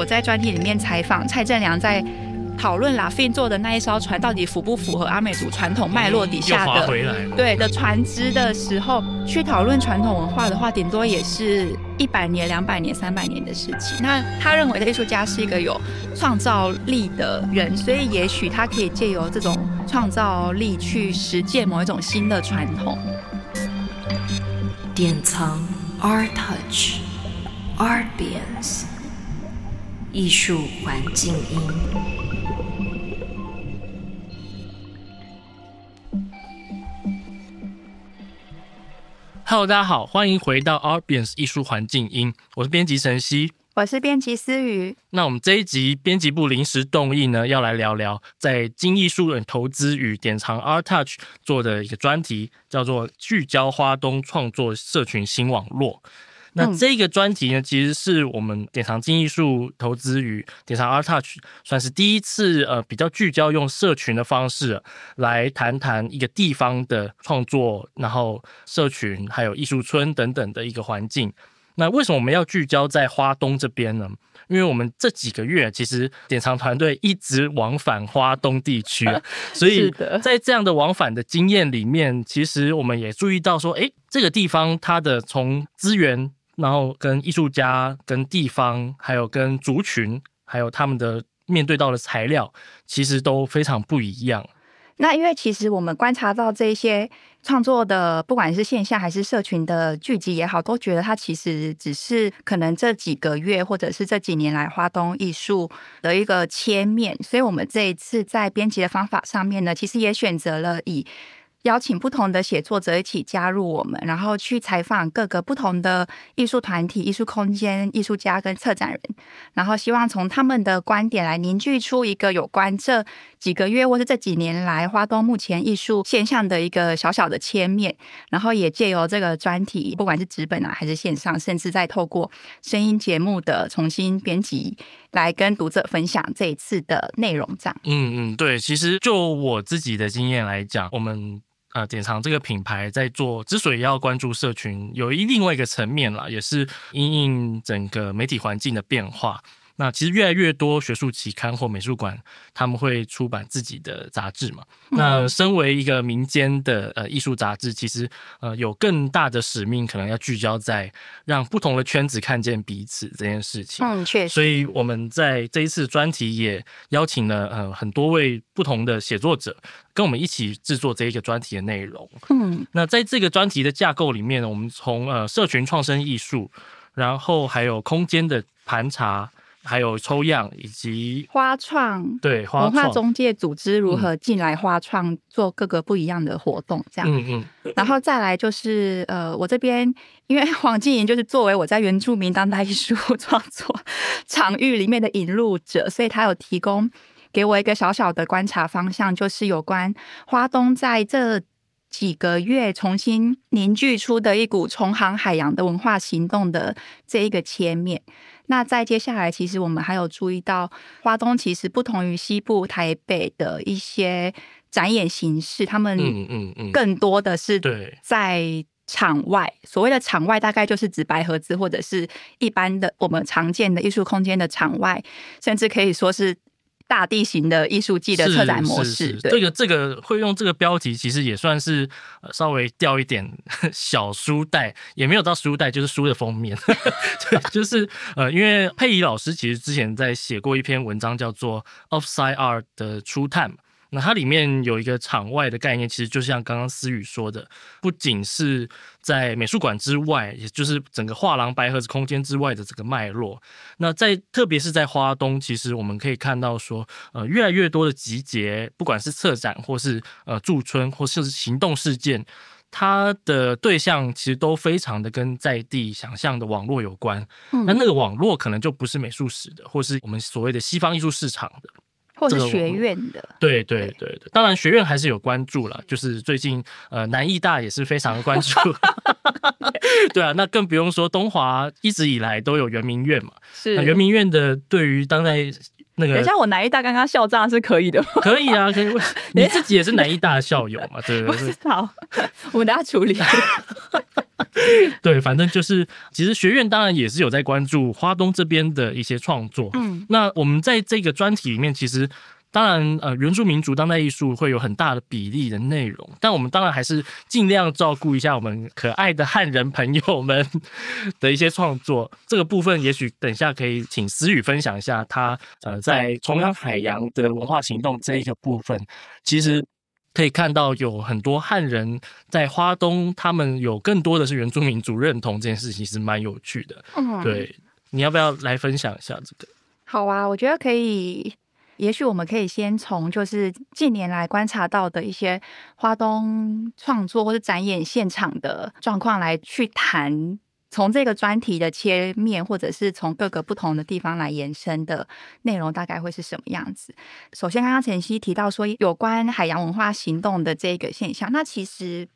我在專題裡面採訪蔡政良，在討論 Lafin 做的那一艘船到底符不符合阿美族傳統脈絡底下的對的船只的時候，去討論傳統文化的話，頂多也是一百年、兩百年、三百年的事情。那他認為的藝術家是一個有創造力的人，所以也許他可以借由這種創造力去實踐某一種新的傳統。典藏 ARTouch Artians。藝術環境音。Hello，大家好，歡迎回到 a r b i n s 藝術環境音，我是編輯陳晞，我是編輯思宇。那我們這一集編輯部臨時動議呢，要來聊聊在今藝術＆投資與典藏 ARTouch 做的一個專題，叫做聚焦花東創作社群新網絡。那這個專題呢，其實是我們典藏今藝術投資與典藏 ARTouch 算是第一次呃比較聚焦用社群的方式來談談一個地方的創作，然後社群還有藝術村等等的一個環境。那為什麼我們要聚焦在花東這邊呢？因為我們這幾個月其實典藏團隊一直往返花東地區，所以，在這樣的往返的經驗裡面，其實我們也注意到說，誒、欸，這個地方它的從資源。然後跟藝術家、跟地方、還有跟族群，還有他們的面對到的材料，其實都非常不一樣。那因為其實我們觀察到這些創作的，不管是線下還是社群的聚集也好，都覺得它其實只是可能這幾個月或者是這幾年來花東藝術的一個切面。所以我們這一次在編輯的方法上面呢，其實也選擇了以。邀請不同的寫作者一起加入我們，然後去採訪各個不同的藝術團體、藝術空間、藝術家跟策展人，然後希望從他們的觀點來凝聚出一個有關這幾個月或是這幾年來花東目前藝術現象的一個小小的切面。然後也借由這個專題，不管是紙本啊，還是線上，甚至再透過聲音節目的重新編輯，來跟讀者分享這一次的內容。這樣，嗯嗯，對，其實就我自己的經驗來講，我們。呃，典藏這個品牌在做，之所以要關注社群，有一另外一個層面啦，也是因應整個媒體環境的變化。那其實越來越多學術期刊或美術館，他們會出版自己的雜誌嘛，嗯，那身為一個民間的呃藝術雜誌，其實呃有更大的使命，可能要聚焦在讓不同的圈子看見彼此這件事情。嗯，確實。所以我們在這一次專題也邀請了呃很多位不同的寫作者，跟我們一起制作這一個專題的內容。嗯，那在這個專題的架構裡面呢，我們從呃社群創生藝術，然後還有空間的盤查。還有抽樣，以及花創對文化中介組織如何進來花創做各個不一樣的活動這樣，嗯嗯，嗯嗯，然後再來就是呃，我這邊因為黃瀞瑩就是作為我在原住民當代藝術創作場域裡面的引路者，所以他有提供給我一個小小的觀察方向，就是有關花東在這幾個月重新凝聚出的一股重航海洋的文化行動的這一個切面。那再接下來，其實我們還有注意到，花東其實不同於西部台北的一些展演形式，他們嗯嗯嗯，更多的是對在場外，所謂的場外大概就是指白盒子或者是一般的我們常見的藝術空間的場外，甚至可以說是。大地形的藝術季的策展模式。對這個這個會用這個標題，其實也算是稍微掉一點小書袋，也沒有到書袋，就是書的封面。 對， 就是呃，因為佩儀老師其實之前在寫過一篇文章，叫做《Offsite Art 的 Time》的初探。那它裡面有一個場外的概念，其實就像剛剛思宇說的，不僅是在美術館之外，也就是整個畫廊白盒子空間之外的這個脈絡。那在特別是在花東，其實我們可以看到說，呃，越來越多的集結，不管是策展或是呃駐村，或是行動事件，它的對象其實都非常的跟在地想象的網絡有關。嗯，那那個網絡可能就不是美術史的，或是我們所謂的西方藝術市場的。或者學院的，的對對對，對，對，當然學院還是有關注了，就是最近呃南藝大也是非常的關注， 對啊，那更不用說東華一直以來都有原民院嘛，是原民、呃、院的對於當代。那等下，我南藝大剛剛校長是可以的嗎？可以啊，可以問。一你自己也是南藝大的校友嘛？ 對對對。好，我們等下處理。 對，反正就是，其實學院當然也是有在關注花東這邊的一些創作。嗯，那我們在這個專題裡面，其實。當然，呃，原住民族當代藝術會有很大的比例的內容，但我們當然還是盡量照顧一下我們可愛的漢人朋友們的一些創作。這個部分，也許等一下可以請思宇分享一下他，呃，在重航海洋的文化行動這一個部分，其實可以看到有很多漢人在花東，他們有更多的是原住民族認同這件事情是蠻有趣的。嗯，對，你要不要來分享一下這個？好啊，我覺得可以。也許我們可以先從就是近年來觀察到的一些花東創作或者展演現場的狀況來去談，從這個專題的切面，或者是從各個不同的地方來延伸的內容，大概會是什麼樣子？首先，剛剛陳晞提到說有關海洋文化行動的這個現象，那其實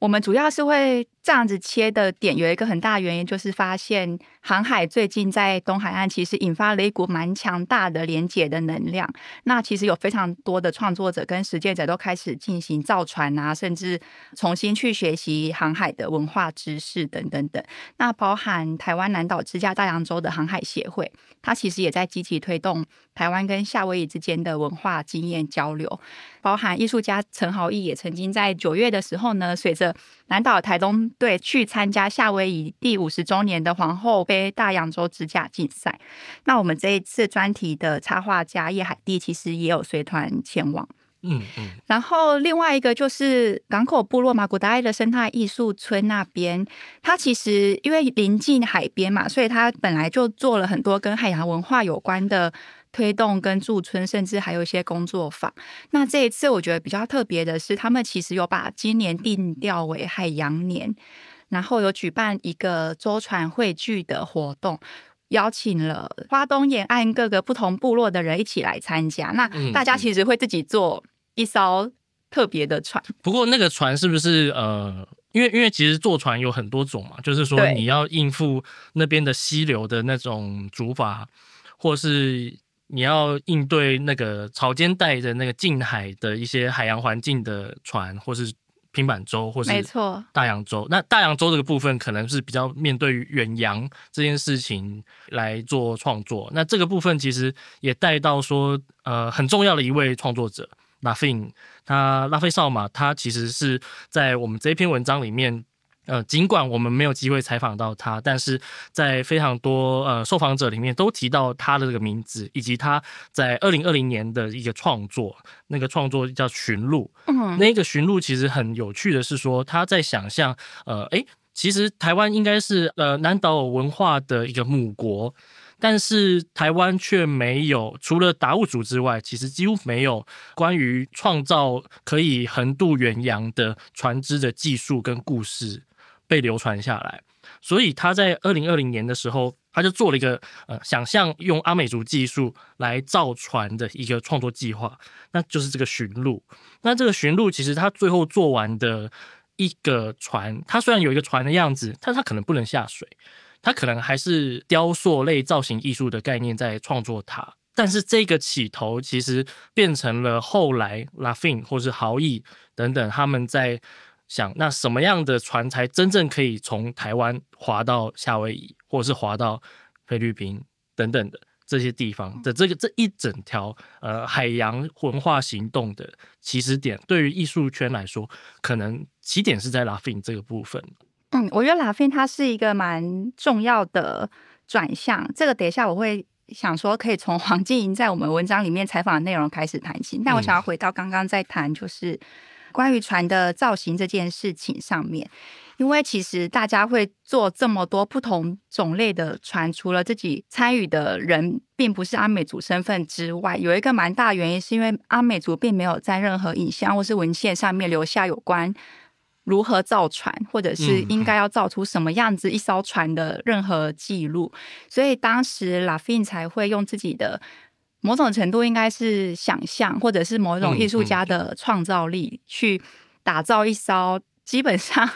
我們主要是會。這樣子切的點有一個很大的原因，就是發現航海最近在東海岸其實引發了一股蠻強大的連結的能量。那其實有非常多的創作者跟實踐者都開始進行造船啊，甚至重新去學習航海的文化知識等等等。那包含台灣南島支架大洋洲的航海協會，它其實也在積極推動台灣跟夏威夷之間的文化經驗交流。包含藝術家陳豪毅也曾經在九月的時候呢，隨着南島台東。對，去參加夏威夷第五十周年的皇后杯大洋洲支架競賽。那我們這一次專題的插畫家葉海地其實也有隨團前往。嗯嗯。嗯然後另外一個就是港口部落馬古達伊的生態藝術村那邊，他其實因為臨近海邊嘛，所以他本來就做了很多跟海洋文化有關的。推動跟駐村，甚至還有一些工作坊。那這一次我覺得比較特別的是，他們其實有把今年定調為海洋年，然後有舉辦一個舟船匯聚的活動，邀請了花東沿岸各個不同部落的人一起來參加。那大家其實會自己做一艘特別的船。嗯。不過那個船是不是呃，因為因為其實坐船有很多種嘛，就是說你要應付那邊的溪流的那種竹筏，或是。你要應對那個潮間帶的、那個近海的一些海洋環境的船，或是平板舟，或是大洋舟。沒錯。那大洋舟這個部分可能是比較面對遠洋這件事情來做創作。那這個部分其實也帶到說，呃，很重要的一位創作者拉飛，他拉飛邵馬，ma, 他其實是在我們這篇文章裡面。呃，儘管我們沒有機會採訪到他，但是在非常多呃受訪者裡面都提到他的這個名字，以及他在二零二零年的一個創作，那個創作叫《尋路》嗯哼。嗯，那個《尋路》其實很有趣的是說，他在想象，呃，哎、欸，其實台灣應該是呃南島文化的一個母國，但是台灣卻沒有除了達悟族之外，其實幾乎沒有關於創造可以橫渡遠洋的船隻的技術跟故事。被流傳下來，所以他在二零二零年的時候，他就做了一個呃，想象用阿美族技術來造船的一個創作計劃，那就是這個巡路。那這個巡路其實他最後做完的一個船，他雖然有一個船的樣子，但是他可能不能下水，他可能還是雕塑類造型藝術的概念在創作它。但是這個起頭其實變成了後來拉菲或是豪毅等等他們在。想，那什麼樣的船才真正可以從台灣划到夏威夷，或者是划到菲律賓等等的這些地方的、嗯、這個這一整條呃海洋文化行動的起始點，對於藝術圈來說，可能起點是在拉菲這個部分。嗯，我覺得拉菲它是一個蠻重要的轉向。這個等一下我會想說可以從黃瀞瑩在我們文章裡面採訪的內容開始談起，但我想要回到剛剛在談就是。嗯關於船的造型這件事情上面，因為其實大家會做這麼多不同種類的船，除了自己參與的人並不是阿美族身份之外，有一個蠻大原因是因為阿美族並沒有在任何影像或是文獻上面留下有關如何造船或者是應該要造出什麼樣子一艘船的任何記錄，嗯、所以當時拉菲才會用自己的。某種程度應該是想象，或者是某種藝術家的創造力去打造一艘基本上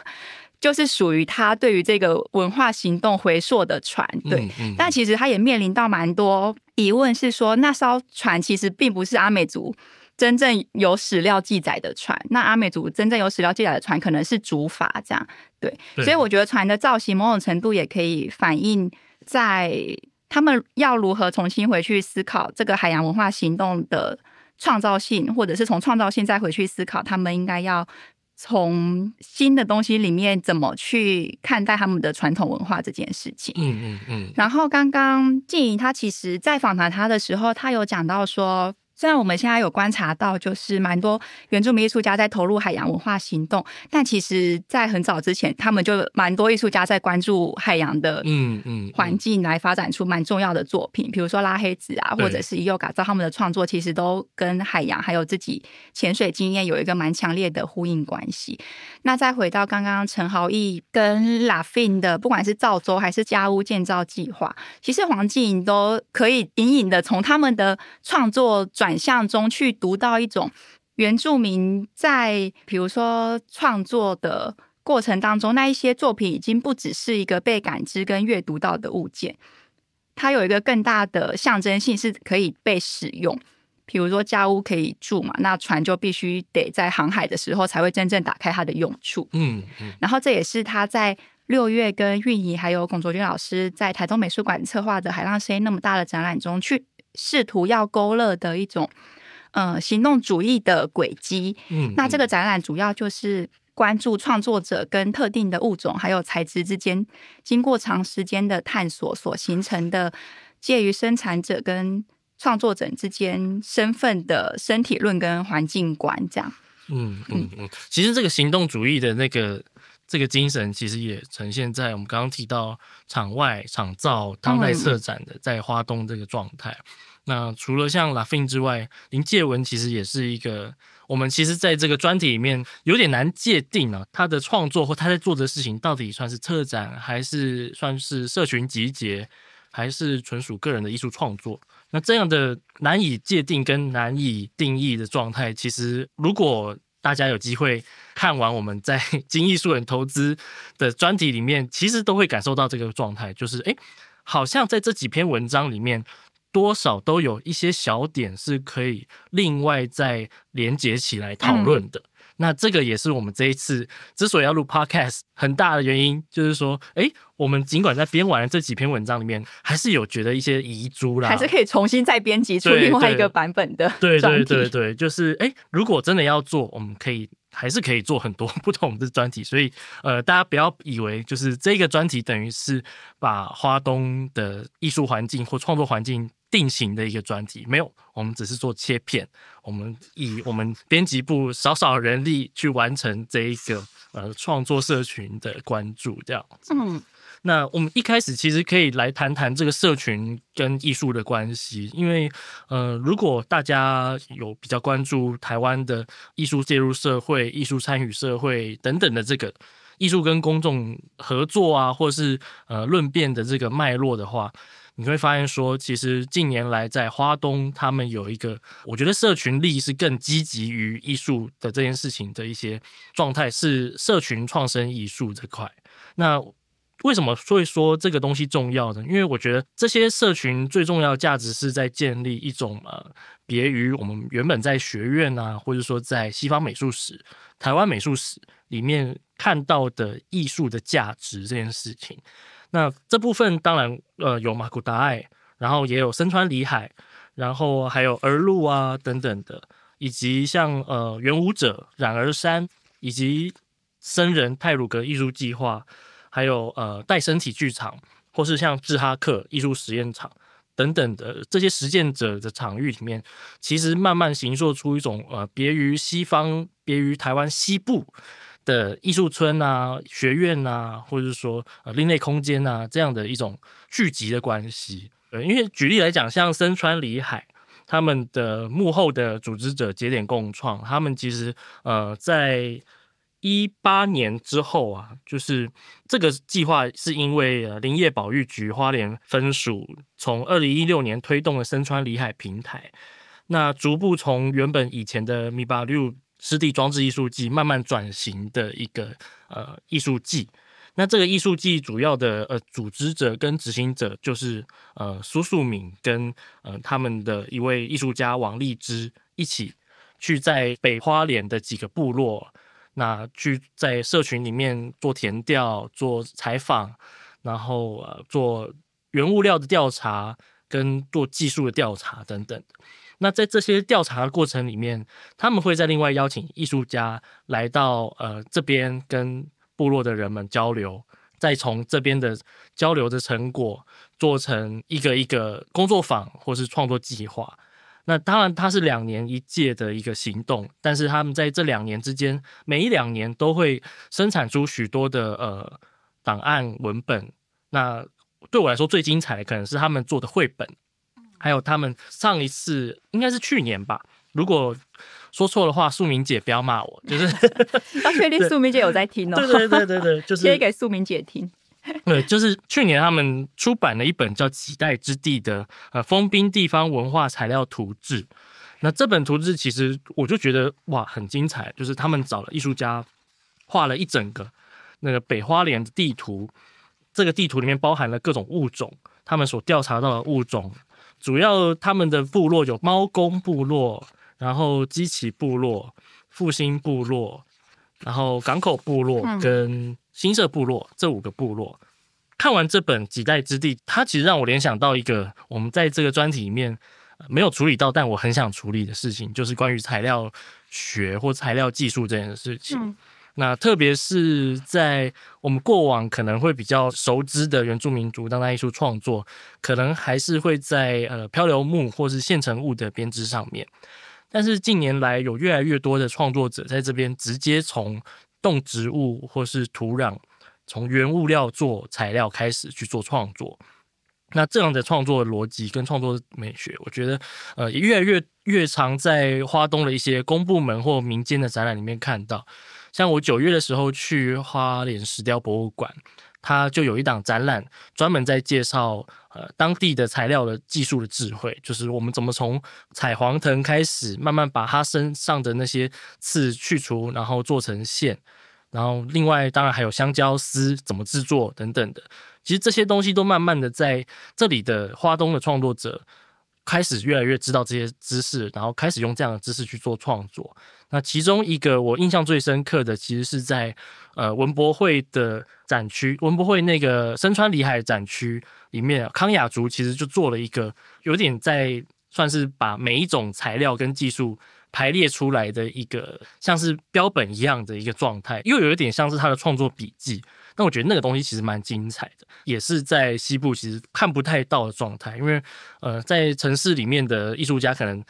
就是屬於他對於這個文化行動回溯的船，對。但其實他也面臨到蠻多疑問，是說那艘船其實並不是阿美族真正有史料記載的船。那阿美族真正有史料記載的船可能是竹筏這樣，對。所以我覺得船的造型某種程度也可以反映在。他們要如何重新回去思考這個海洋文化行動的創造性，或者是從創造性再回去思考，他們應該要從新的東西裡面怎麼去看待他們的傳統文化這件事情。嗯嗯嗯。嗯嗯然後剛剛瀞瑩她其實，在訪談他的時候，他有講到說。雖然我們現在有觀察到，就是蠻多原住民藝術家在投入海洋文化行動，但其實，在很早之前，他們就蠻多藝術家在關注海洋的嗯嗯環境，來發展出蠻重要的作品，比、嗯嗯嗯、如說拉黑子啊，或者是伊祐噶照，在對他們的創作其實都跟海洋還有自己潛水經驗有一個蠻強烈的呼應關係。那再回到剛剛陳豪毅跟拉飛的，不管是造舟還是家屋建造計劃，其實黃瀞瑩都可以隱隱的從他們的創作轉。想象中去讀到一種原住民在，比如說創作的過程當中，那一些作品已經不只是一個被感知跟閱讀到的物件，它有一個更大的象徵性，是可以被使用。比如說家屋可以住嘛，那船就必須得在航海的時候才會真正打開它的用處。嗯，嗯。然後這也是他在六月跟運營還有龔卓軍老師在台東美術館策劃的《海浪聲音》那麼大的展覽中去。試圖要勾勒的一種，呃行動主義的軌跡。嗯，那這個展覽主要就是關注創作者跟特定的物種還有材質之間，經過長時間的探索所形成的，介於生產者跟創作者之間身份的身體論跟環境觀，這樣。嗯嗯嗯，其實這個行動主義的那個。這個精神其實也呈現在我們剛剛提到場外、場造當代策展的在花東這個狀態。嗯、那除了像 Lafin 之外，林介文其實也是一個我們其實在這個專題裡面有點難界定啊，他的創作或他在做的事情到底算是策展，還是算是社群集結，還是純屬個人的藝術創作？那這樣的難以界定跟難以定義的狀態，其實如果。大家有機會看完我們在今藝術&投資的專題裡面，其實都會感受到這個狀態，就是哎、欸，好像在這幾篇文章裡面，多少都有一些小點是可以另外再連接起來討論的。嗯那這個也是我們這一次之所以要錄 podcast 很大的原因，就是說，哎、欸，我們儘管在編完了這幾篇文章裡面，還是有覺得一些遺珠啦，還是可以重新再編輯出另外一個版本的。對，對對對對，就是哎、欸，如果真的要做，我們可以還是可以做很多不同的專題。所以，呃，大家不要以為就是這個專題等於是把花東的藝術環境或創作環境。定型的一個專題，沒有，我們只是做切片。我們以我們編輯部少少人力去完成這一個呃創作社群的關注，這樣。嗯，那我們一開始其實可以來談談這個社群跟藝術的關係，因為呃，如果大家有比較關注台灣的藝術介入社會、藝術參與社會等等的這個藝術跟公眾合作啊，或者是呃論辯的這個脈絡的話，你會發現說，其實近年來在花東，他們有一個我覺得社群力是更積極於藝術的這件事情的一些狀態，是社群創生藝術這塊。那為什麼說一說這個東西重要呢？因為我覺得這些社群最重要的價值是在建立一種呃，別於我們原本在學院啊，或者說在西方美術史、台灣美術史裡面看到的藝術的價值這件事情。那這部分當然，呃，有馬古達愛，然後也有森川裡海，然後還有兒路啊等等的，以及像呃原舞者冉而山，以及森人太魯閣藝術計劃，還有呃 TAI 身體劇場，或是像智哈克藝術實驗場等等的這些實踐者的場域裡面，其實慢慢形塑出一種呃別於西方，別於台灣西部。的藝術村啊、學院啊，或者是說呃另類空間啊，這樣的一種聚集的關係。呃，因為舉例來講，像森川里海他們的幕後的組織者節點共創，他們其實呃在一八年之後啊，就是這個計劃是因為林業保育局花蓮分署從二零一六年推動了森川里海平台，那逐步從原本以前的米粑流。濕地裝置藝術季慢慢轉型的一個呃藝術季，那這個藝術季主要的呃組織者跟執行者就是呃蘇素敏跟、呃、他們的一位藝術家王立之一起去在北花蓮的幾個部落，那去在社群裡面做田調、做採訪，然後呃做原物料的調查跟做技術的調查等等那在這些調查的過程裡面，他們會再另外邀請藝術家來到呃這邊跟部落的人們交流，再從這邊的交流的成果做成一個一個工作坊或是創作計劃。那當然它是兩年一屆的一個行動，但是他們在這兩年之間，每一兩年都會生產出許多的呃檔案文本。那對我來說最精彩的可能是他們做的繪本。還有他們上一次應該是去年吧，如果說錯的話，素明姐不要罵我。就是要確 定。素明姐有在聽哦、喔。 對，對對對對對，就是。給素明姐聽。 對，就是去年他們出版了一本叫《幾代之地》的呃豐濱地方文化材料圖誌。那這本圖誌其實我就覺得哇很精彩，就是他們找了藝術家畫了一整個那個北花蓮的地圖。這個地圖裡面包含了各種物種，他們所調查到的物種。主要他們的部落有貓公部落，然後基奇部落、復興部落，然後港口部落跟新社部落這五個部落。嗯。看完這本《幾代之地》，它其實讓我聯想到一個我們在這個專題裡面沒有處理到，但我很想處理的事情，就是關於材料學或材料技術這件事情。嗯那特別是，在我們過往可能會比較熟知的原住民族當代藝術創作，可能還是會在呃漂流木或是現成物的編織上面。但是近年來，有越來越多的創作者在這邊直接從動植物或是土壤，從原物料做材料開始去做創作。那這樣的創作邏輯跟創作美學，我覺得呃也越來越越常在花東的一些公部門或民間的展覽裡面看到。像我九月的時候去花蓮石雕博物館，它就有一檔展覽，專門在介紹呃當地的材料的技術的智慧，就是我們怎麼從採黃藤開始，慢慢把它身上的那些刺去除，然後做成線，然後另外當然還有香蕉絲怎麼製作等等的。其實這些東西都慢慢的在這裡的花東的創作者。開始越來越知道這些知識，然後開始用這樣的知識去做創作。那其中一個我印象最深刻的，其實是在呃文博會的展區，文博會那個森川里海展區裡面，康雅築其實就做了一個有點在算是把每一種材料跟技術排列出來的一個像是標本一樣的一個狀態，又有一點像是他的創作筆記。那我覺得那個東西其實蠻精彩的，也是在西部其實看不太到的狀態，因為呃，在城市裡面的藝術家可能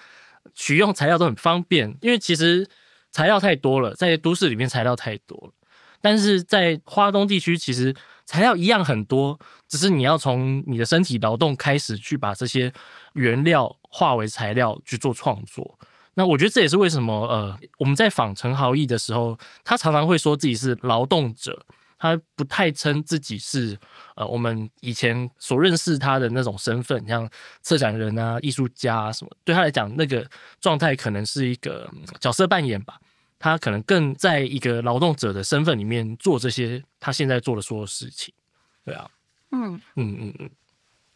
取用材料都很方便，因為其實材料太多了，在都市裡面材料太多了，但是在花東地區其實材料一樣很多，只是你要從你的身體勞動開始去把這些原料化為材料去做創作。那我覺得這也是為什麼呃，我們在訪陳豪義的時候，他常常會說自己是勞動者。他不太稱自己是呃我們以前所認識他的那種身份，像策展人啊、藝術家啊什麼，對他來講，那個狀態可能是一個角色扮演吧。他可能更在一個勞動者的身份裡面做這些他現在做的所有事情，對啊，嗯嗯嗯嗯。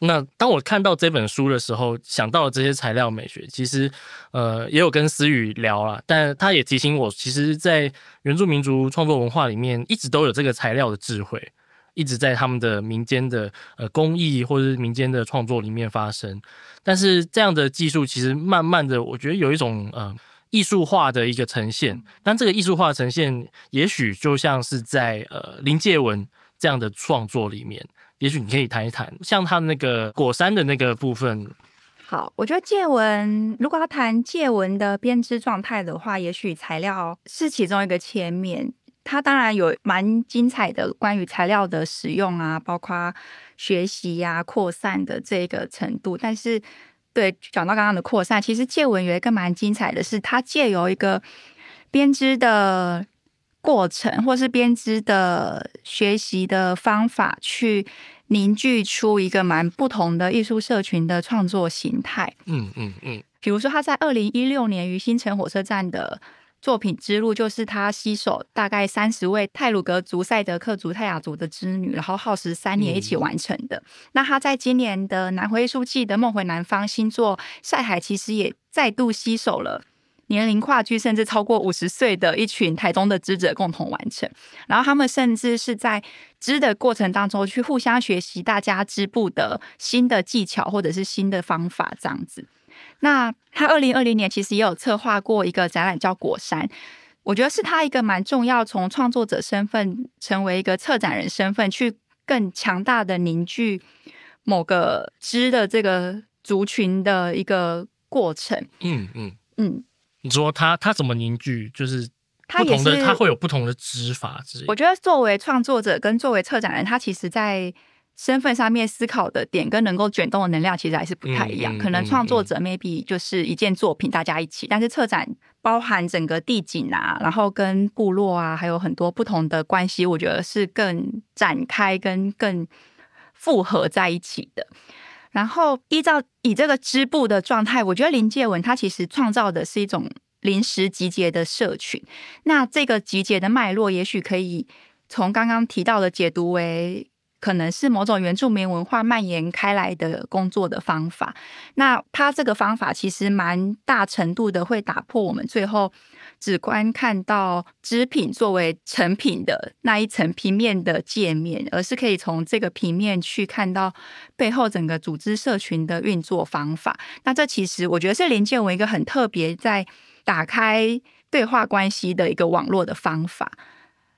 那當我看到這本書的時候，想到了這些材料美學。其實，呃，也有跟思宇聊了，但他也提醒我，其實在原住民族創作文化裡面，一直都有這個材料的智慧，一直在他們的民間的呃工藝或者民間的創作裡面發生。但是這樣的技術，其實慢慢的，我覺得有一種呃藝術化的一個呈現。但這個藝術化呈現，也許就像是在呃林介文這樣的創作裡面。也許你可以談一談，像他那個果山的那個部分。好，我覺得借文，如果要談借文的編織狀態的話，也許材料是其中一個前面。它當然有蠻精彩的關於材料的使用啊，包括學習啊、擴散的這個程度。但是，對，講到剛剛的擴散，其實借文有一個蠻精彩的是，它借由一個編織的。過程，或是編織的學習的方法，去凝聚出一個蠻不同的藝術社群的創作形態、嗯。嗯嗯嗯。比如說，他在二零一六年於新城火車站的作品《之路》，就是他攜手大概三十位太魯閣族、賽德克族、泰雅族的織女，然後耗時三年一起完成的。嗯、那他在今年的南回藝術季的《夢回南方》新作《晒海》，其實也再度攜手了。年齡跨距甚至超過五十歲的一群台東的織者共同完成，然後他們甚至是在織的過程當中去互相學習，大家織布的新的技巧或者是新的方法這樣子。那他二零二零年其實也有策劃過一個展覽叫《果山》，我覺得是他一個蠻重要，從創作者身份成為一個策展人身份，去更強大的凝聚某個織的這個族群的一個過程。嗯嗯嗯。嗯嗯你說他他怎麼凝聚？就是他也是，他會有不同的執法之類。我覺得作為創作者跟作為策展人，他其實在身份上面思考的點，跟能夠捲動的能量，其實還是不太一樣。嗯，嗯，嗯，嗯。可能創作者 maybe 就是一件作品大家一起，但是策展包含整個地景啊，然後跟部落啊，還有很多不同的關係，我覺得是更展開跟更複合在一起的。然後依照以這個織布的狀態，我覺得林介文他其實創造的是一種臨時集結的社群。那這個集結的脈絡，也許可以從剛剛提到的解讀為，可能是某種原住民文化蔓延開來的工作的方法。那他這個方法其實蠻大程度的會打破我們最後。只觀看到織品作為成品的那一層平面的界面，而是可以從這個平面去看到背後整個組織社群的運作方法。那這其實我覺得是連接我一個很特別在打開對話關係的一個網絡的方法。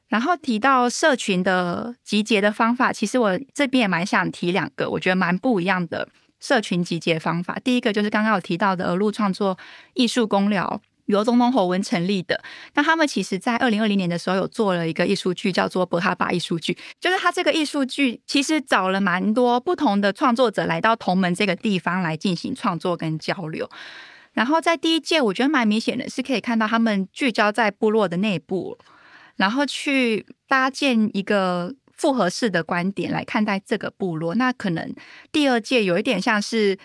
然後提到社群的集結的方法，其實我這邊也蠻想提兩個，我覺得蠻不一樣的社群集結方法。第一個就是剛剛我提到的“鵝路創作藝術工寮”。由中蒙侯文成立的，那他們其實，在二零二零年的時候有做了一個藝術劇，叫做《博哈巴藝術劇》，就是他這個藝術劇其實找了蠻多不同的創作者來到同門這個地方來進行創作跟交流。然後在第一屆，我覺得蠻明顯的，是可以看到他們聚焦在部落的內部，然後去搭建一個複合式的觀點來看待這個部落。那可能第二屆有一點像是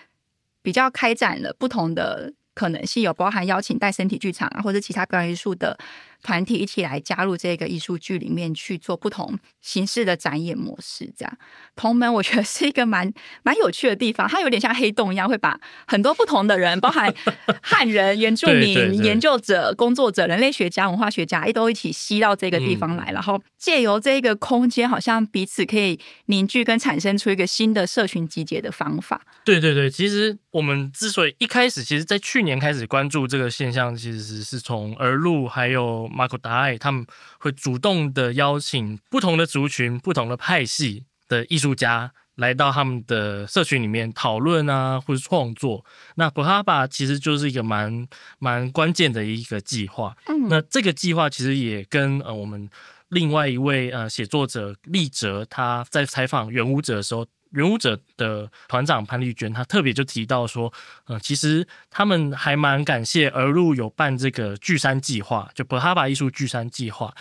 比較開展了不同的。可能性有包含邀請帶身體劇場啊，或者其他關於數的，團體一起來加入這個藝術劇裡面去做不同形式的展演模式，這樣銅門我覺得是一個蠻蠻有趣的地方。它有點像黑洞一樣，會把很多不同的人，包含漢人、 原住民、對對對，研究者、工作者、人類學家、文化學家，一都一起吸到這個地方來，嗯、然後借由這個空間，好像彼此可以凝聚跟產生出一個新的社群集結的方法。對對對，其實我們之所以一開始，其實在去年開始關注這個現象，其實是從兒路還有。Makotaay，他們會主動的邀請不同的族群，不同的派系的藝術家來到他們的社群裡面討論啊，或者創作。那 Bahaba 其實就是一個蠻蠻關鍵的一個計劃。嗯，那這個計劃其實也跟呃我們另外一位呃寫作者立哲他在採訪原舞者的時候。元舞者的團長潘麗娟，她特別就提到說，嗯，其實他們還蠻感謝而路有辦這個聚山計劃，就 p 哈巴藝術聚山計劃，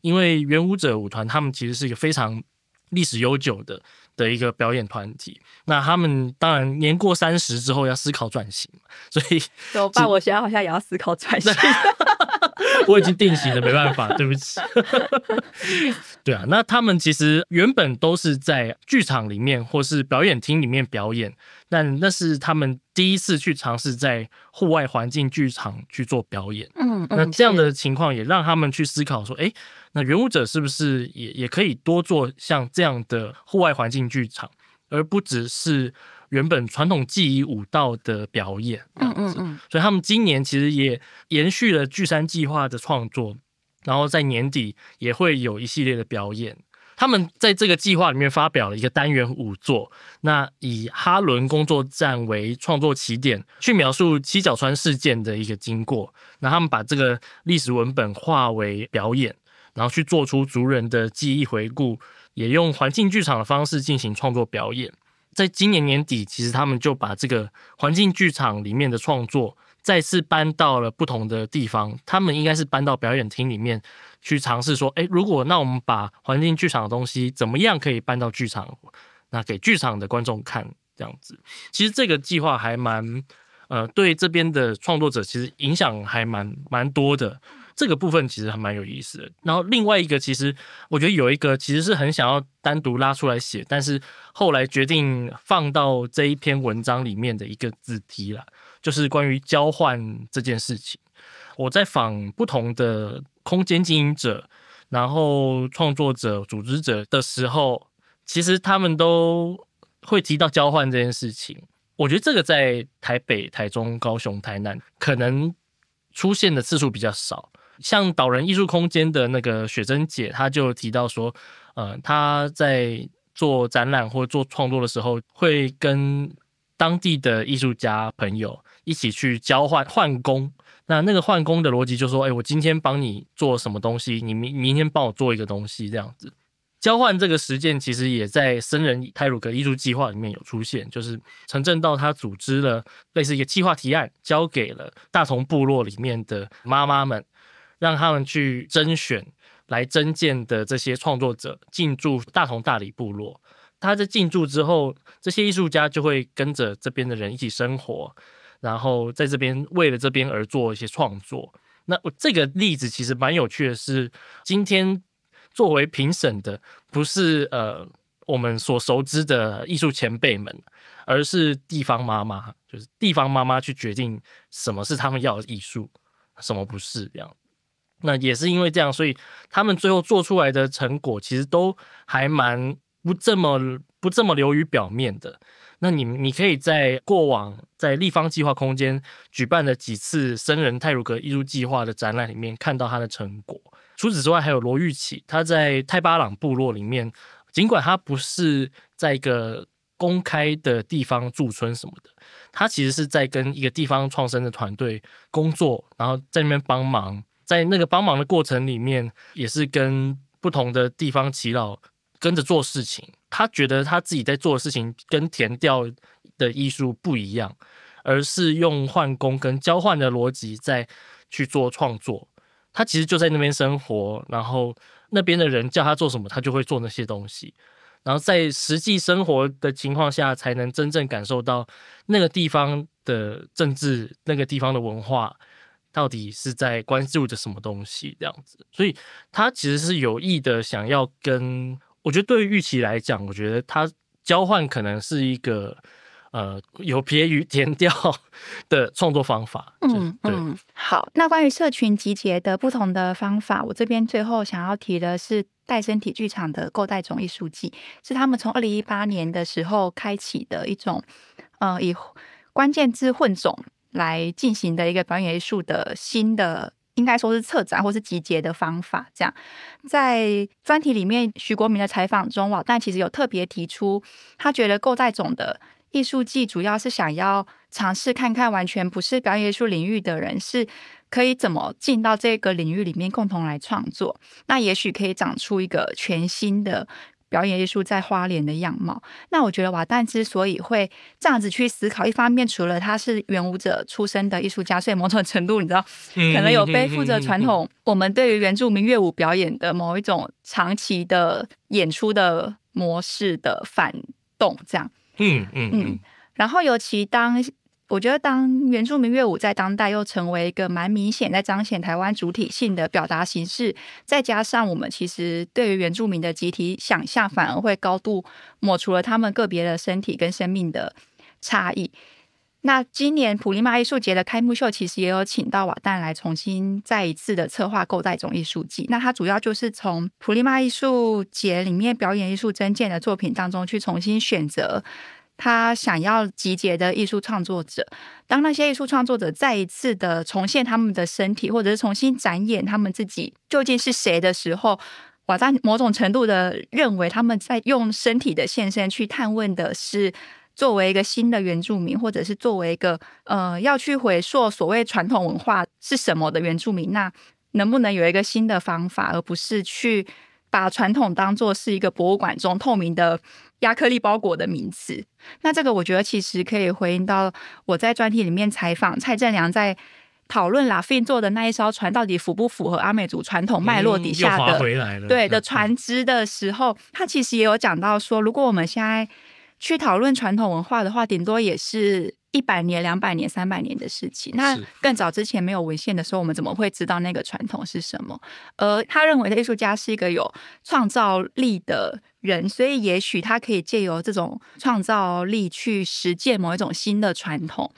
因為元舞者舞團他們其實是一個非常歷史悠久的的一個表演團體。那他們當然年過三十之後要思考轉型，所以，怎麼辦我現在好像也要思考轉型。對 我已經定型了，沒辦法，對不起。 對啊，那他們其實原本都是在劇場裡面或是表演廳裡面表演，但那是他們第一次去嘗試在戶外環境劇場去做表演。嗯，嗯，那這樣的情況也讓他們去思考說，哎、欸，那原舞者是不是也也可以多做像這樣的戶外環境劇場，而不只是。原本傳統技藝舞蹈的表演。所以他們今年其實也延續了聚山計劃的創作，然後在年底也會有一系列的表演。他們在這個計劃裡面發表了一個單元舞作，那以哈倫工作站為創作起點，去描述七角川事件的一個經過。那他們把這個歷史文本化為表演，然後去做出族人的記憶回顧，也用環境劇場的方式進行創作表演。在今年年底，其實他們就把這個環境劇場裡面的創作再次搬到了不同的地方。他們應該是搬到表演廳裡面去嘗試說，哎，如果那我們把環境劇場的東西怎麼樣可以搬到劇場，那給劇場的觀眾看這樣子。其實這個計劃還蠻，呃，對這邊的創作者其實影響還蠻蠻多的。這個部分其實還蠻有意思的。然後另外一個，其實我覺得有一個其實是很想要單獨拉出來寫，但是後來決定放到這一篇文章裡面的一個子題了，就是關於交換這件事情。我在訪不同的空間經營者、然後創作者、組織者的時候，其實他們都會提到交換這件事情。我覺得這個在台北、台中、高雄、台南可能出現的次數比較少。像島人藝術空間的那個雪珍姐，她就提到說，呃，她在做展覽或者做創作的時候，會跟當地的藝術家朋友一起去交換換工。那那個換工的邏輯就是說，哎、欸，我今天幫你做什麼東西，你明明天幫我做一個東西，這樣子交換這個實踐，其實也在森人太魯閣藝術計劃裡面有出現。就是陳正道他組織了類似一個計劃提案，交給了大同部落裡面的媽媽們。讓他們去甄選來徵建的這些創作者進駐大同大理部落，他在進駐之後，這些藝術家就會跟着這邊的人一起生活，然後在這邊為了這邊而做一些創作。那這個例子其實蠻有趣的是，今天作為評審的不是呃我們所熟知的藝術前輩們，而是地方媽媽，就是地方媽媽去決定什麼是他們要的藝術，什麼不是這樣。那也是因為這樣，所以他們最後做出來的成果其實都還蠻不這麼不這麼流於表面的。那你你可以在過往在立方計劃空間舉辦的幾次“森人太魯閣藝術計劃”的展覽裡面看到他的成果。除此之外，還有羅玉啟，他在太巴塱部落裡面，儘管他不是在一個公開的地方駐村什麼的，他其實是在跟一個地方創生的團隊工作，然後在那邊幫忙。在那個幫忙的過程裡面，也是跟不同的地方耆老，跟着做事情。他覺得他自己在做的事情跟田調的藝術不一樣，而是用換工跟交換的邏輯在去做創作。他其實就在那邊生活，然後那邊的人叫他做什麼，他就會做那些東西。然後在實際生活的情況下，才能真正感受到那個地方的政治，那個地方的文化。到底是在關注着什麼東西？這樣子，所以他其實是有意的想要跟。我覺得對於玉期來講，我覺得他交換可能是一個，呃，有別於田調的創作方法。就是、嗯，對好，那關於社群集結的不同的方法，我這邊最後想要提的是代身體劇場的構代種藝術季，是他們從二零一八年的時候開啟的一種，呃，以關鍵字混種。來進行的一個表演藝術的新的，應該說是策展或是集結的方法，這樣。在專題裡面，徐國明的採訪中啊，但其實有特別提出，他覺得購在總的藝術季主要是想要嘗試看看，完全不是表演藝術領域的人，是可以怎麼進到這個領域裡面共同來創作，那也許可以長出一個全新的。表演藝術在花蓮的樣貌，那我覺得瓦旦之所以會這樣子去思考，一方面除了他是原舞者出身的藝術家，所以某種程度你知道，可能有背負着傳統，我們對於原住民樂舞表演的某一種長期的演出的模式的反動，這樣，嗯嗯嗯,嗯，然後尤其當。我覺得，當原住民樂舞在當代又成為一個蠻明顯在彰顯台灣主體性的表達形式，再加上我們其實對於原住民的集體想象，反而會高度抹除了他們個別的身體跟生命的差異。那今年普利瑪藝術節的開幕秀，其實也有請到瓦旦來重新再一次的策劃構代種藝術季。那它主要就是從普利瑪藝術節裡面表演藝術徵件的作品當中去重新選擇。他想要集結的藝術創作者，當那些藝術創作者再一次的重現他們的身體，或者是重新展演他們自己究竟是誰的時候，我在某種程度的認為，他們在用身體的現身去探問的是，作為一個新的原住民，或者是作為一個呃要去回溯所謂傳統文化是什麼的原住民，那能不能有一個新的方法，而不是去把傳統當作是一個博物館中透明的。亞克力包裹的名詞，那這個我覺得其實可以回應到我在專題裡面採訪蔡振良，在討論拉飛做的那一艘船到底符不符合阿美族傳統脈絡底下的對的船只的時候，他其實也有講到說，如果我們現在去討論傳統文化的話，頂多也是。一百年、兩百年、三百年的事情，是那更早之前沒有文獻的時候，我們怎麼會知道那個傳統是什麼？而他認為的藝術家是一個有創造力的人，所以也許他可以借由這種創造力去實踐某一種新的傳統，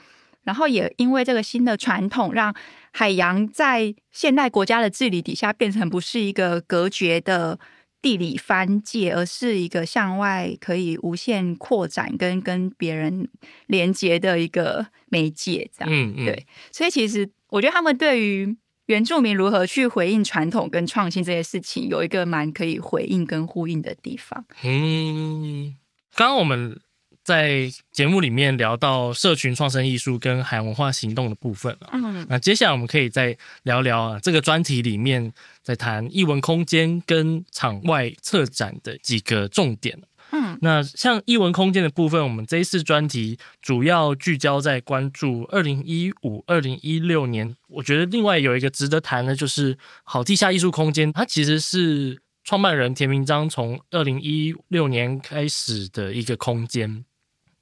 然後也因為這個新的傳統，讓海洋在現代國家的治理底下變成不是一個隔絕的。地理藩界，而是一個向外可以無限擴展跟跟別人連接的一個媒介，這樣、嗯嗯、對。所以其實我覺得他們對於原住民如何去回應傳統跟創新這些事情，有一個蠻可以回應跟呼應的地方。嗯，剛剛我們。在節目裡面聊到社群創生藝術跟海洋文化行動的部分了。嗯，那接下來我們可以再聊聊啊這個專題裡面在談藝文空間跟場外策展的幾個重點，嗯，那像藝文空間的部分，我們這一次專題主要聚焦在關注二零一五二零一六年，我覺得另外有一個值得談的就是好地下藝術空間，它其實是創辦人田明章從二零一六年開始的一個空間。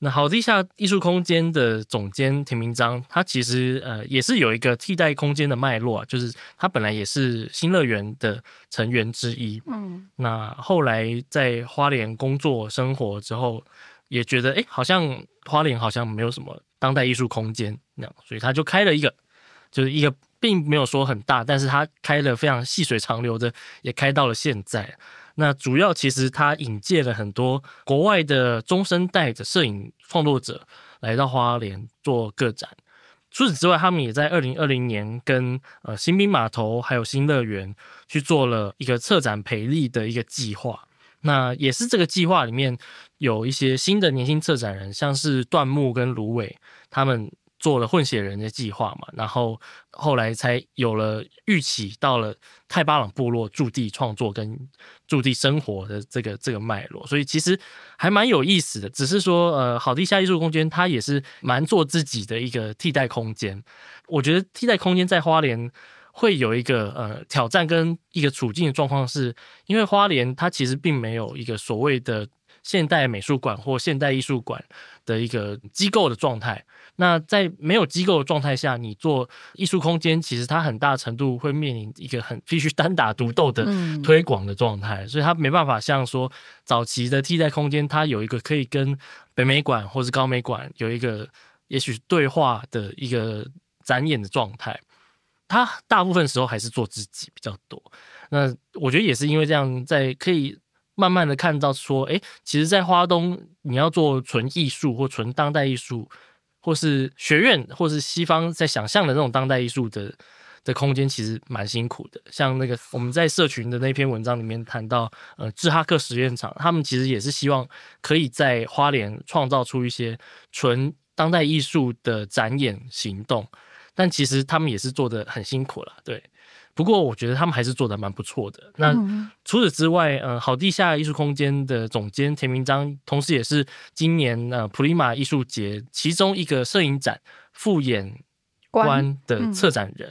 那好地下藝術空間的總監田明章，他其實呃也是有一個替代空間的脈絡啊，就是他本來也是新樂園的成員之一，嗯，那後來在花蓮工作生活之後，也覺得哎、欸，好像花蓮好像沒有什麼當代藝術空間那樣，所以他就開了一個，就是一個並沒有說很大，但是他開了非常細水長流的，也開到了現在。那主要其實他引介了很多國外的中生代的攝影創作者來到花蓮做個展。除此之外，他們也在二零二零年跟呃新浜碼頭還有新樂園去做了一個策展培力的一個計劃。那也是這個計劃裡面有一些新的年輕策展人，像是段木跟蘆葦他們。做了混血人的計劃嘛，然後後來才有了預期到了泰巴朗部落駐地創作跟駐地生活的這個這個脈絡，所以其實還蠻有意思的。只是說，呃，好地下藝術空間它也是蠻做自己的一個替代空間。我覺得替代空間在花蓮會有一個呃挑戰跟一個處境的狀況是，是因為花蓮它其實並沒有一個所謂的。現代美術館或現代藝術館的一個機構的狀態。那在沒有機構的狀態下，你做藝術空間，其實它很大程度會面臨一個很必須單打獨鬥的推廣的狀態。嗯。所以它沒辦法像說早期的替代空間，它有一個可以跟北美館或是高美館有一個也許對話的一個展演的狀態。它大部分時候還是做自己比較多。那我覺得也是因為這樣，在可以。慢慢的看到說，哎、欸，其實，在花東，你要做純藝術或純當代藝術，或是學院，或是西方在想象的那種當代藝術的的空間，其實蠻辛苦的。像那個我們在社群的那篇文章裡面談到，呃，智哈克實驗場，他們其實也是希望可以在花蓮創造出一些純當代藝術的展演行動，但其實他們也是做得很辛苦了，對。不過我覺得他們還是做得蠻不錯的。那除此之外，嗯、呃，好地下藝術空間的總監田明章，同時也是今年呃普利馬藝術節其中一個攝影展副演官的策展人。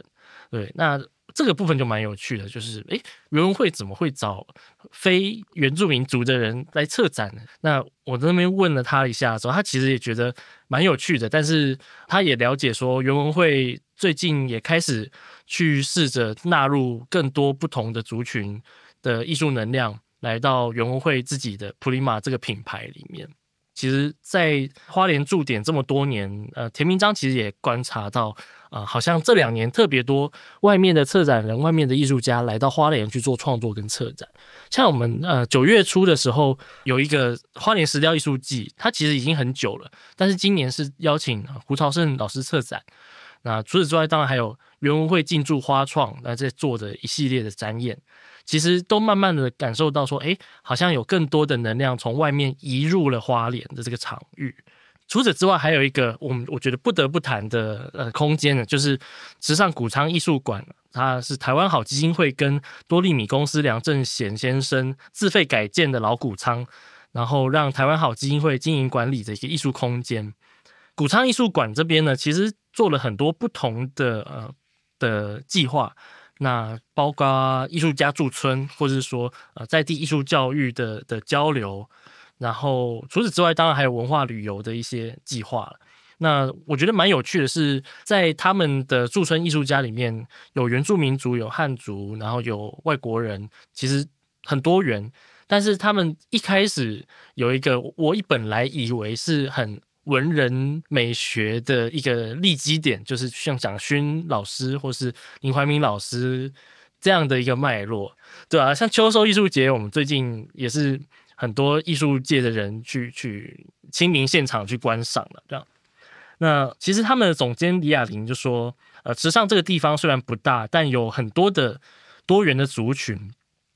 嗯、對，那這個部分就蠻有趣的，就是誒原文會怎麼會找非原住民族的人來策展呢？那我在那邊問了他一下之後，他其實也覺得蠻有趣的，但是他也了解說原文會。最近也開始去試着納入更多不同的族群的藝術能量，來到原文會自己的普里馬這個品牌裡面。其實，在花蓮駐點這麼多年，呃，田名璋其實也觀察到，啊、呃，好像這兩年特別多外面的策展人、外面的藝術家來到花蓮去做創作跟策展。像我們呃九月初的時候有一個花蓮石雕藝術季，它其實已經很久了，但是今年是邀請胡朝聖老師策展。那除此之外，當然還有原文會進駐花創，那在做的一系列的展演，其實都慢慢的感受到說，哎，好像有更多的能量從外面移入了花蓮的這個場域。除此之外，還有一個我們我覺得不得不談的呃空間呢，就是池上谷倉藝術館，它是台灣好基金會跟多利米公司梁正賢先生自費改建的老谷倉，然後讓台灣好基金會經營管理的一個藝術空間。谷倉藝術館這邊呢，其實。做了很多不同的呃的計劃，那包括藝術家駐村，或是說呃在地藝術教育的的交流，然後除此之外，當然還有文化旅遊的一些計劃。那我覺得蠻有趣的是，在他們的駐村藝術家裡面，有原住民族，有漢族，然後有外國人，其實很多元。但是他們一開始有一個，我本來以為是很。文人美學的一個立基點，就是像蔣勳老師或是林懷民老師這樣的一個脈絡，對啊，像秋收藝術節，我們最近也是很多藝術界的人去去親臨現場去觀賞了，這樣。那其實他們的總監李雅林就說：“呃，池上這個地方雖然不大，但有很多的多元的族群，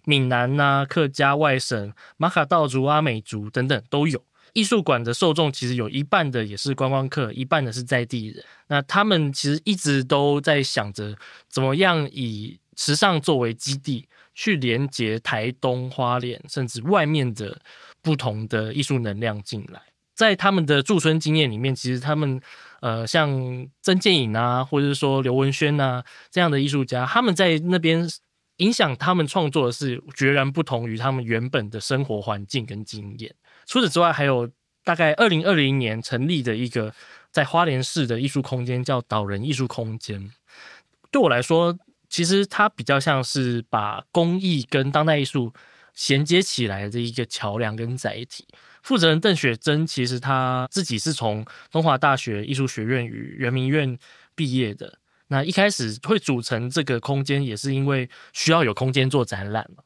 閩南啊、客家、外省、馬卡道族、阿美族等等都有。”藝術館的受眾其實有一半的也是觀光客，一半的是在地人。那他們其實一直都在想着怎麼樣以時尚作為基地，去連接台東花蓮，甚至外面的不同的藝術能量進來。在他們的駐村經驗裡面，其實他們呃，像曾建穎啊，或者是說劉文軒吶、啊、這樣的藝術家，他們在那邊影響他們創作的是，截然不同於他們原本的生活環境跟經驗。除此之外，還有大概二零二零年成立的一個在花蓮市的藝術空間，叫島人藝術空間。對我來說，其實它比較像是把工藝跟當代藝術銜接起來的一個橋樑跟載體。負責人鄧雪珍其實她自己是從東華大學藝術學院與原民院畢業的。那一開始會組成這個空間，也是因為需要有空間做展覽嘛。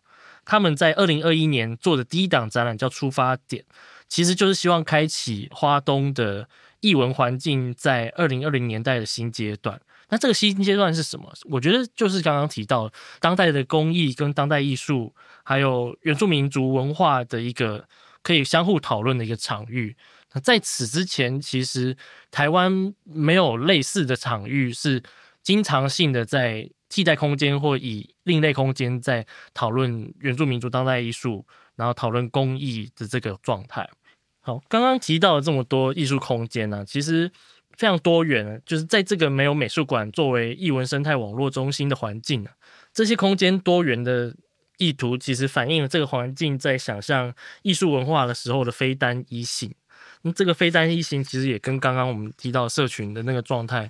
他們在二零二一年做的第一檔展覽叫《出發點》，其實就是希望開啟花東的藝文環境在二零二零年代的新階段。那這個新階段是什麼？我覺得就是剛剛提到當代的工藝跟當代藝術，還有原住民族文化的一個可以相互討論的一個場域。那在此之前，其實台灣沒有類似的場域是經常性的在替代空間或以。另類空間在討論原住民族當代藝術，然後討論工藝的這個狀態。好，剛剛提到的這麼多藝術空間呢、啊，其實非常多元。就是在這個沒有美術館作為藝文生態網絡中心的環境，這些空間多元的意圖，其實反映了這個環境在想象藝術文化的時候的非單一性。那這個非單一性，其實也跟剛剛我們提到社群的那個狀態。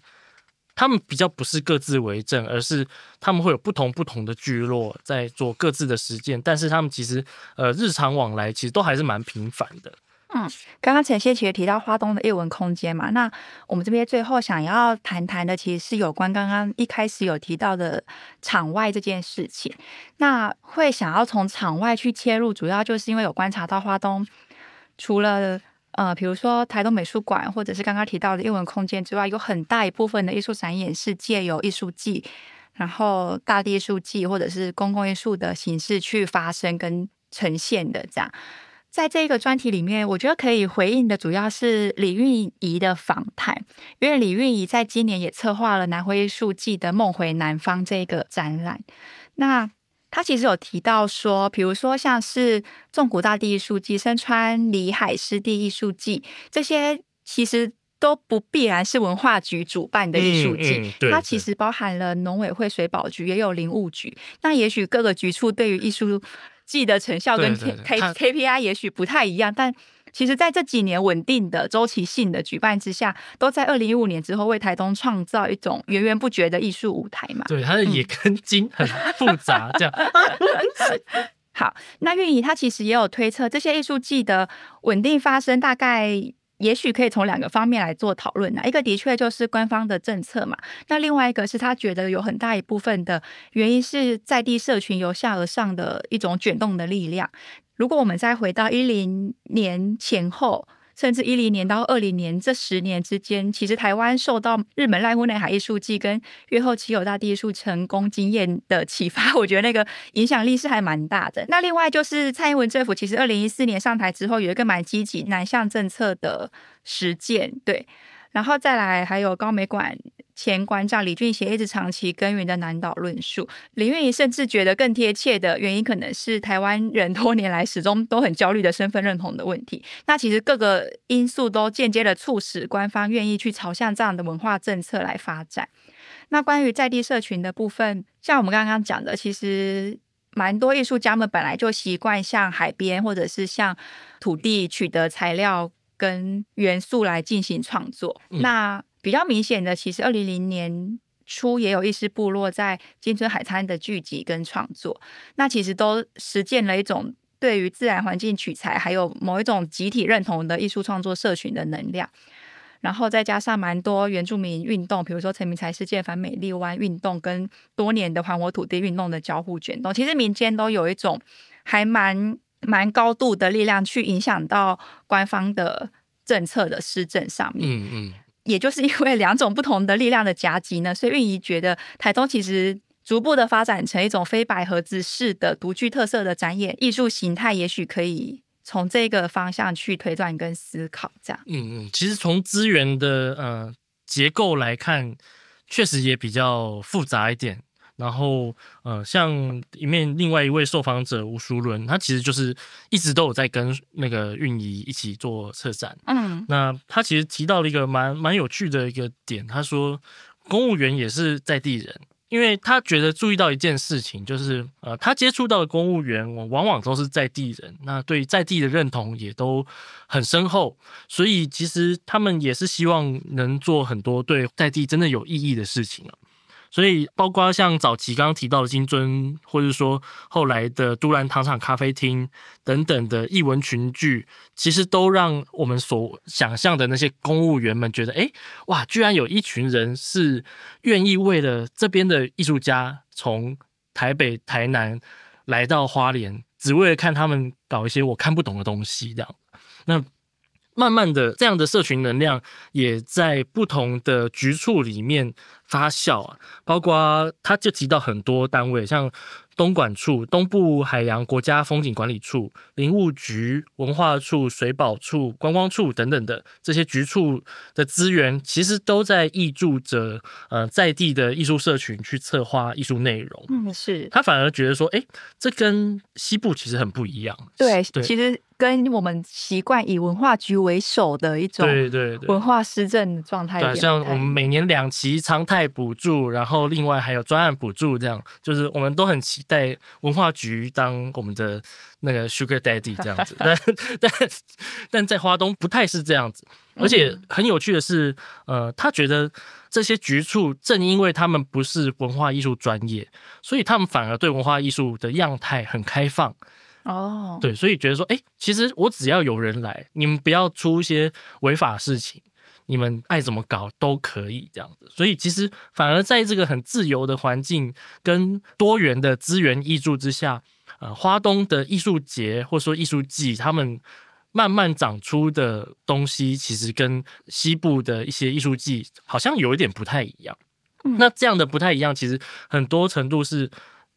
他們比較不是各自為政，而是他們會有不同不同的聚落在做各自的實踐，但是他們其實呃日常往來其實都還是蠻頻繁的。嗯，剛剛陳晞也提到花東的藝文空間嘛，那我們這邊最後想要談談的其實是有關剛剛一開始有提到的場外這件事情。那會想要從場外去切入，主要就是因為有觀察到花東除了呃，比如說台東美術館，或者是剛剛提到的英文空間之外，有很大一部分的藝術展演是借由藝術季，然後大地藝術季，或者是公共藝術的形式去發生跟呈現的。這樣，在這個專題裡面，我覺得可以回應的主要是李韻儀的訪談，因為李韻儀在今年也策劃了南迴藝術季的“夢回南方”這個展覽。那他其實有提到說，比如說像是縱谷大地藝術季、森川里海濕地藝術季，這些其實都不必然是文化局主辦的藝術季，它、嗯嗯、其實包含了農委會水局、水保局也有林務局。那也許各個局處對於藝術季的成效跟 K K P I 也許不太一樣，但。其實，在這幾年穩定的周期性的舉辦之下，都在二零一五年之後為台東創造一種源源不絕的藝術舞台嘛。對，它、嗯、的野根莖很複雜， 這樣。 好，那瀞瑩他其實也有推測，這些藝術季的穩定發生，大概也許可以從兩個方面來做討論、啊、一個的確就是官方的政策嘛，那另外一個是他覺得有很大一部分的原因是在地社群由下而上的一種捲動的力量。如果我們再回到一零年前後，甚至一零年到二零年這十年之間，其實臺灣受到日本瀨戶內海藝術祭跟越後妻有大地藝術成功經驗的啟發，我覺得那個影響力是還蠻大的。那另外就是蔡英文政府，其實二零一四年上台之後，有一個蠻積極南向政策的實踐，對，然後再來還有高美館。前館長李俊賢一直長期耕耘的南島論述，李俊賢甚至覺得更貼切的原因，可能是台灣人多年來始終都很焦慮的身份認同的問題。那其實各個因素都間接的促使官方願意去朝向這樣的文化政策來發展。那關於在地社群的部分，像我們剛剛講的，其實蠻多藝術家們本來就習慣向海邊或者是向土地取得材料跟元素來進行創作。嗯、那比較明顯的，其實二零零年初也有意識部落在金樽海灘的聚集跟創作，那其實都實踐了一種對於自然環境取材，還有某一種集體認同的藝術創作社群的能量。然後再加上蠻多原住民運動，比如說陳明才事件、反美麗灣運動跟多年的還我土地運動的交互卷動，其實民間都有一種還蠻蠻高度的力量去影響到官方的政策的施政上面。嗯嗯。嗯也就是因為兩種不同的力量的夾擊呢，所以韻儀覺得台中其實逐步的發展成一種非白盒子式的獨具特色的展演藝術形態，也許可以從這個方向去推斷跟思考。這樣，嗯嗯，其實從資源的呃結構來看，確實也比較複雜一點。然後，呃，像裡面另外一位受訪者吳舒倫，他其實就是一直都有在跟那個運營一起做策展。嗯，那他其實提到了一個蠻蠻有趣的一個點，他說公務員也是在地人，因為他覺得注意到一件事情，就是呃，他接觸到的公務員往往都是在地人，那對在地的認同也都很深厚，所以其實他們也是希望能做很多對在地真的有意義的事情。所以，包括像早期剛剛提到的金樽，或者是說後來的都蘭糖廠咖啡廳等等的藝文群聚，其實都讓我們所想象的那些公務員們覺得，哎，哇，居然有一群人是願意為了這邊的藝術家，從台北、台南來到花蓮，只為了看他們搞一些我看不懂的東西這樣。那慢慢的，這樣的社群能量也在不同的局處裡面，發酵啊，包括他就提到很多單位，像東莞處、東部海洋國家風景管理處、林務局、文化處、水保處、觀光處等等的這些局處的資源，其實都在挹注着呃在地的藝術社群去策劃藝術內容。嗯，是。他反而覺得說，哎、欸，這跟西部其實很不一樣。對，對其實跟我們習慣以文化局為首的一種對對文化施政狀態。對，像我們每年兩期常態補助，然後另外還有專案補助，這樣就是我們都很期待文化局當我們的那個 sugar daddy 這樣子， 但但但在花東不太是這樣子，而且很有趣的是，Okay. 呃，他覺得這些局處正因為他們不是文化藝術專業，所以他們反而對文化藝術的樣態很開放。哦，oh. 對，所以覺得說，哎、欸，其實我只要有人來，你們不要出一些違法事情。你們愛怎麼搞都可以這樣子，所以其實反而在這個很自由的環境跟多元的資源挹注之下，呃，花東的藝術節或者說藝術季，他們慢慢長出的東西，其實跟西部的一些藝術季好像有一點不太一樣。嗯、那這樣的不太一樣，其實很多程度是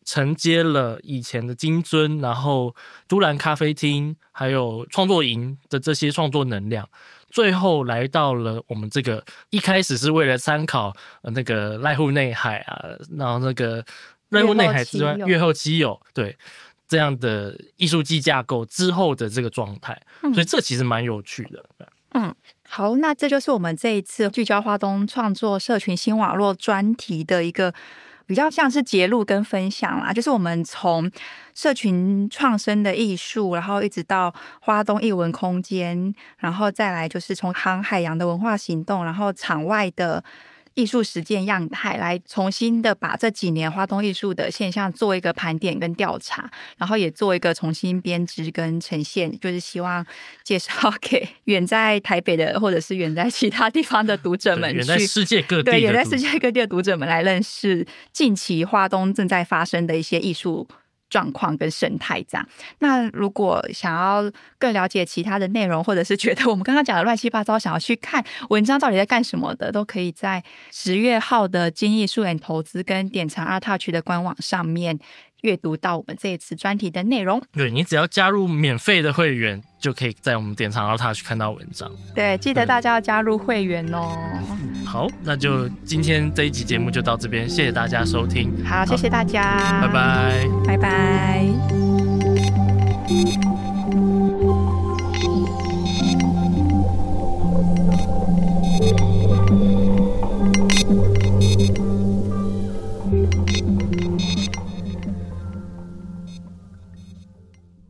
承接了以前的金樽，然後都蘭咖啡廳，還有創作營的這些創作能量。最後來到了我們這個，一開始是為了參考那個瀨戶內海啊，然後那個瀨戶內海之外月後基友對這樣的藝術機架構之後的這個狀態，嗯、所以這其實蠻有趣的嗯。嗯，好，那這就是我們這一次聚焦花東創作社群新網絡專題的一個。比較像是揭露跟分享啦，就是我們從社群創生的藝術，然後一直到花東藝文空間，然後再來就是重航海洋的文化行動，然後場外的藝術實踐樣態來重新的把這幾年花東藝術的現象做一個盤點跟調查，然後也做一個重新編織跟呈現，就是希望介紹給遠在台北的，或者是遠在其他地方的讀者們，遠在世界各地的，對，遠在世界各地的讀者們來認識近期花東正在發生的一些藝術。狀況跟生態這樣。那如果想要更了解其他的內容，或者是覺得我們剛剛講的亂七八糟，想要去看文章到底在幹什麼的，都可以在十月號的今藝術＆投資跟典藏 ARTouch 的官網上面。閱讀到我們這一次專題的內容。對，你只要加入免費的會員，就可以在我們典藏 ARTouch 去看到文章。對，記得大家要加入會員哦、嗯。好，那就今天這一集節目就到這邊，謝謝大家收聽。好，好，謝謝大家，拜拜，拜拜。拜拜，拜拜。